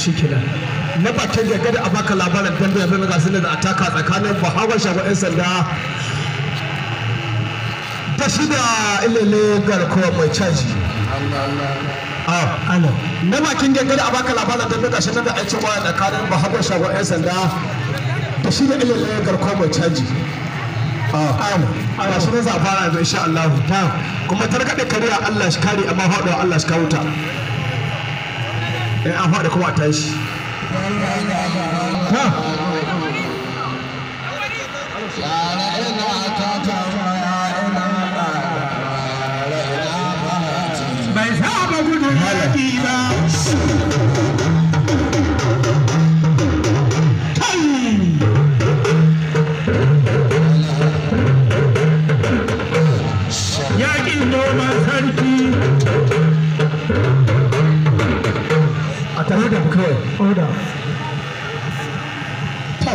shi na bakin da a baka labarin da ataka tsakanin 'yan sanda da shi da ilele garkuwa mai caji ah, na bakin da a baka labarin dambe ga da aikin waya tsakanin bahawar wa 'yan sanda da shi da ilele garkuwa mai caji ah, ana sunan sa fara insha Allah kuma kariya Allah shi kare amma faɗuwa Allah shi kawo ta in eh, an faɗi kuma tashi bai saba gudun yaƙi ba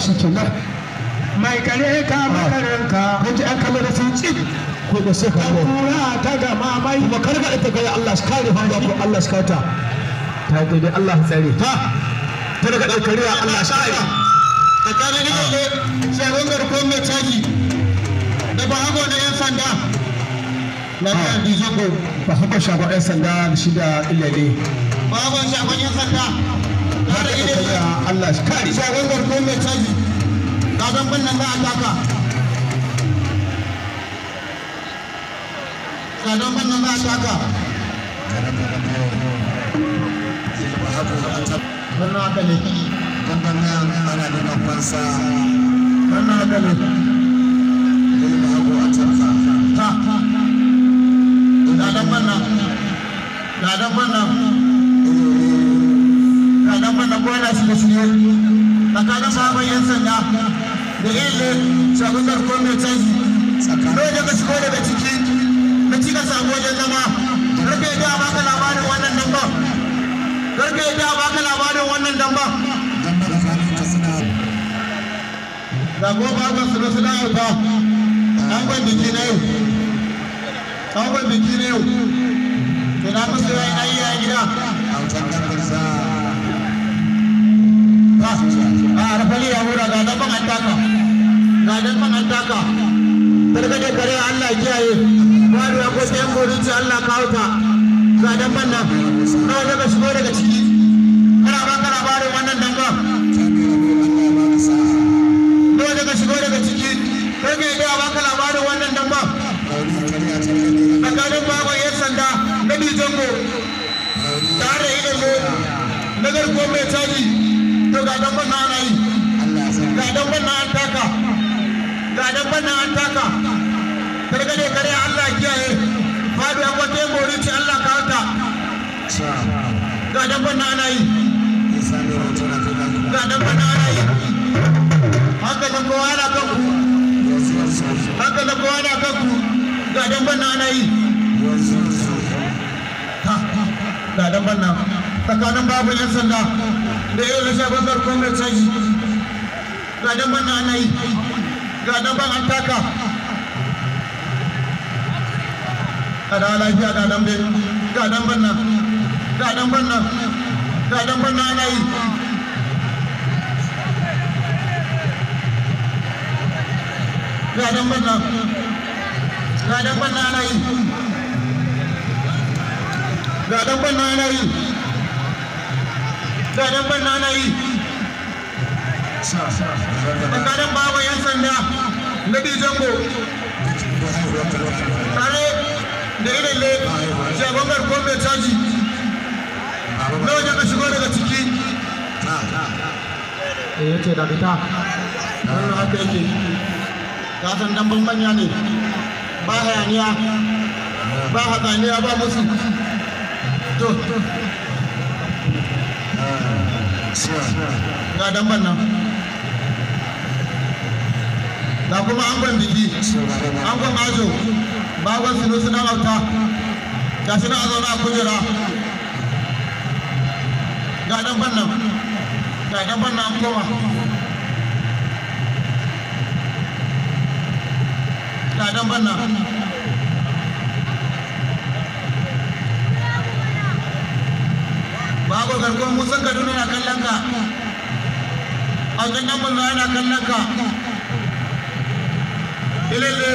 shi kenan mai kare ka makaranka ah. kun ji an kallo da sun tsit ko da sai ka ko ta ga mamai kuma karga ita ga Allah shi kare fa ko Allah shi kata ta ga dai Allah tsare ta ta daga daukariya Allah shi ai ta kare ne ko shagon garko mai caji da ba hago da yan sanda na ga dijigo ah. ba hago shago yan sanda shi da ilale ba hago shago yan sanda Allah shi shagon mai caji da Allah ka ladan ladan kuma yana shirye shirye tsakanin sabon yan sanda da ile shagun garko mai canji kawai daga shigo daga ciki na cika sabo wajen zama karfe ka labarin wannan a karfe da ba ka labarin wannan damba ba su da yau ba an gwan biki na yau an gwan biki ayi a gida a rafali ah, ya hura ga nan an taka ah. ga nan an taka ah. tarkace kare Allah kiyaye kwado ya ko sayan godin ci Allah kawo ta ga nan nan kawai daga shigo daga ciki kana ba kana bare wannan ga dan bana ana yi ga dan bana ana yi hankalin kowa na kanku hankalin kowa na kanku ga dan bana ana yi ga dan bana tsakanin babu yan sanda da yau na shagon farko mai canji ga dan bana ana yi ga dan ban an taka kada lafiya ga dan bai ga dan bana gaɗan banna gaɗan banna ana yi gaɗan banna gaɗan banna ana yi gaɗan banna ana yi gaɗan banna ana yi bawa yan sanda na dijango tare da irin ne shagon garkon mai caji na wajen ka shigo daga ciki eh yace da fita ah. wannan haka san dan bambanya ne ba hayaniya ba hatsaniya ba musu to ga dan bannan kuma angon biki angon ajo bagon sinu suna auta ga suna a zaune a kujera ga dabban nan koma ga dabban bago garkon kaduna na kallon ka wajen yan banza yana ka ilele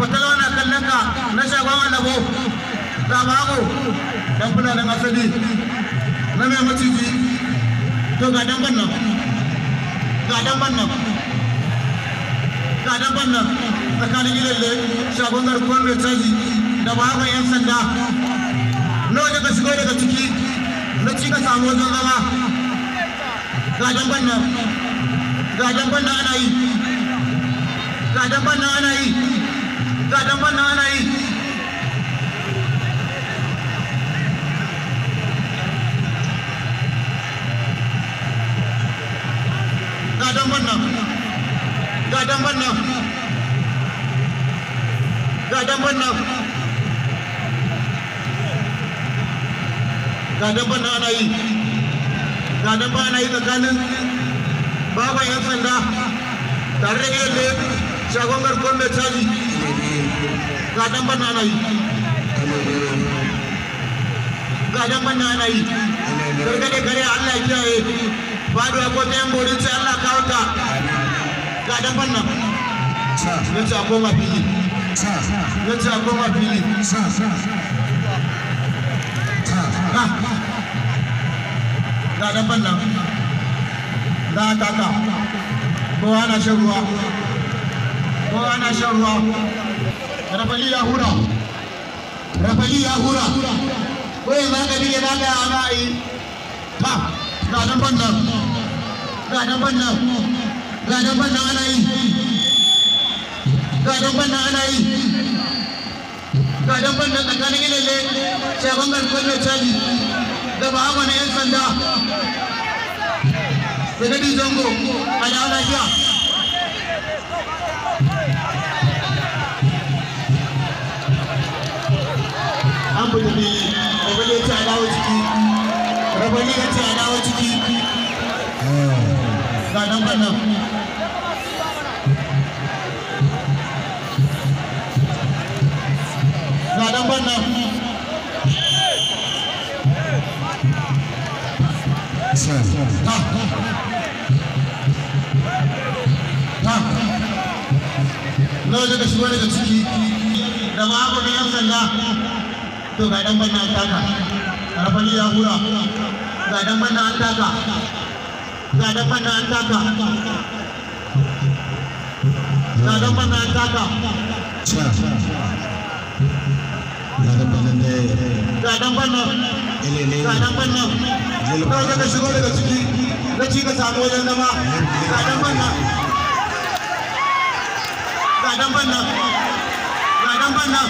fatalawa na kallon ka na shagwa wanda bo da bago dan fulanin asali na mai maciji to ga dan ban ga dan ban ga dan ban nan tsakanin shagon garkuwar mai caji da baban yan sanda nawa daga shigo daga ciki na ci ka samu wajen zama ga dan ban ga dan ban ana ga dan ban ana ga dan ban ana ga damban nan ga damban nan ga damban nan ana yi ga damban yan sanda tare da yadda shagon garkon mai caji ga damban nan ana yi ga yi gargaɗe kare Allah ya kiyaye ko ta yan borin sai ga dafan nan ya ce a fili ya ce a fili ga nan kaka kowa na shan ruwa kowa na shan ruwa rafali ya hura rafali ya hura kawai ma ka biye ka yi ta ga nan ga nan ga dan banna ana yi ga dan ana yi ga dan banna tsakanin ilele shagon garkuwar mai caji na yan sanda da gadi zango a da jiya an buɗe ne rabani ya ce a dawo ciki rabani ya ce a dawo ciki dan banna Lau shigo daga ciki da mako na yan sanda to ga dan banna taka. ya hura ga dan banna an taka. Ga dan banna an taka. Ga dan banna an taka. banna. dan banna ga dan banna ka shigo daga ciki ka samu wajen zama ga dan banna ga dan banna ga dan banna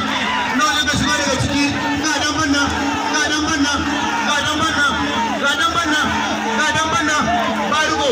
na ka dan banna ga dan banna ga dan banna ga dan banna dan banna barugo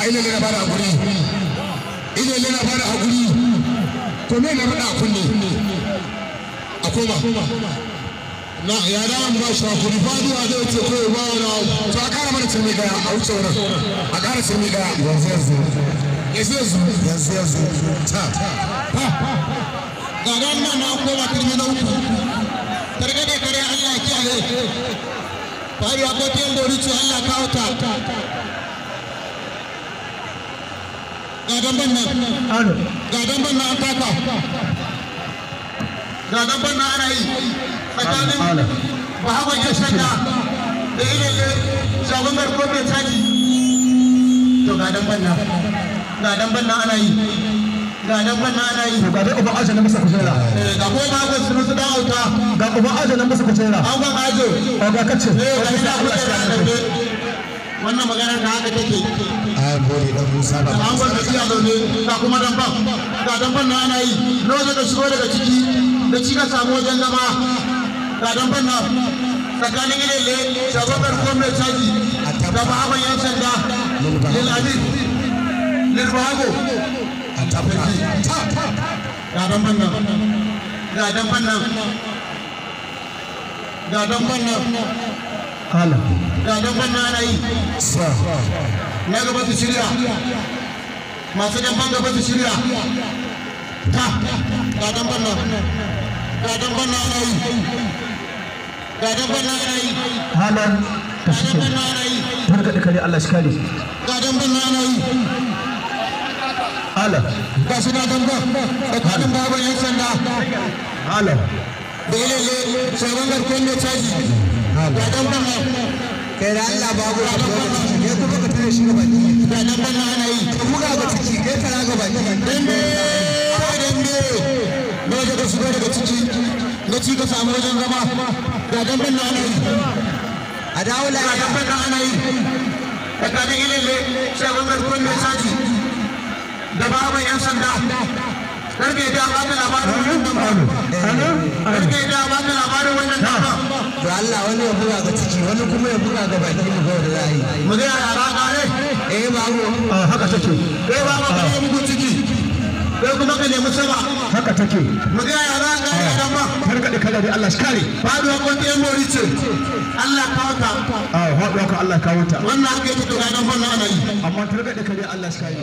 a ina na bada hakuri ina na bada hakuri to me na bada kunne a koma na ya da an ba shi hakuri faduwa zai ce ko ba wani to a kara mana tsirmi gaya a wuce wurin a kara tsirmi gaya yanzu yanzu yanzu yanzu yanzu yanzu ta ga ran nan na koma turmi na uku targade kare Allah kiyaye faruwa ko tiyan dori ce Allah kawo ta ga nan ga damban nan an taka nan ana tsakanin bahama ya shaka da ilele shagon garko caji to ga nan ga nan ana yi nan ana yi ga uban aje na masa kujera ga ko ma ko sunu su dawo ta ga uban aje na masa kujera an ga aje ga kace ga ina kujera wannan magana ta haka take a ah, gode dan Musa ba an kuma ga na ana yi lokacin da shigo daga ciki da cika samu wajen zama ga damban na tsakanin ilele shagobar ko mai caji da ba yan sanda a tabbata ga nan ga nan ga nan zaben gwamna na yi na gaba su shirya masu damban gaba su shirya ta ga damban nan ga damban nan ana yi ga damban nan ana yi halar ta shi ke targaɗe kare Allah shi kare ga damban nan ana yi halar ga su na damban tsakanin baban yan sanda Ala. da ilele sauran garkuwar mai caji ga damban nan kai da Allah ba ku shi kai kuma ka tare shi gaba ne da nan ban ana yi ka buga ga ciki kai ka raga ba ne dambe ko dambe ba daga su ga daga ciki ga ci ka samu wajen zama da nan ban ana yi a dawo la da nan ban ana yi tsakanin ilele shagon garkon mai saji da ba mai yan sanda karfe da ba ta labarin karfe da ba ta labarin wannan Allah wani ya buga ga ciki wani kuma ya buga ga baki mu ga da zai mu ga yara kare eh babu haka take eh babu ka bugu ciki kai eh, kuma ka nemi sama haka take mu ga yara kare dan ma karka da kada da Allah shi kare faduwa ko ta yan mori ce Allah kawo ta ah faduwa ko Allah kawo ta wannan ake yake to ga nan fa na yi amma tarka da kada Allah shi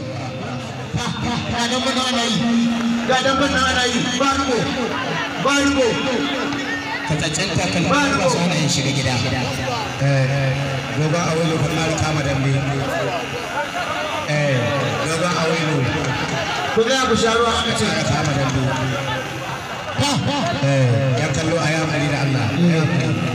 ga dan bana ana yi ba rubo ba rubo katacen takalma ba su hana yin shiga gida eh, eh, eh. gaba a wani kamar kama dambe gaba a wani ku ga ku a Allah mm.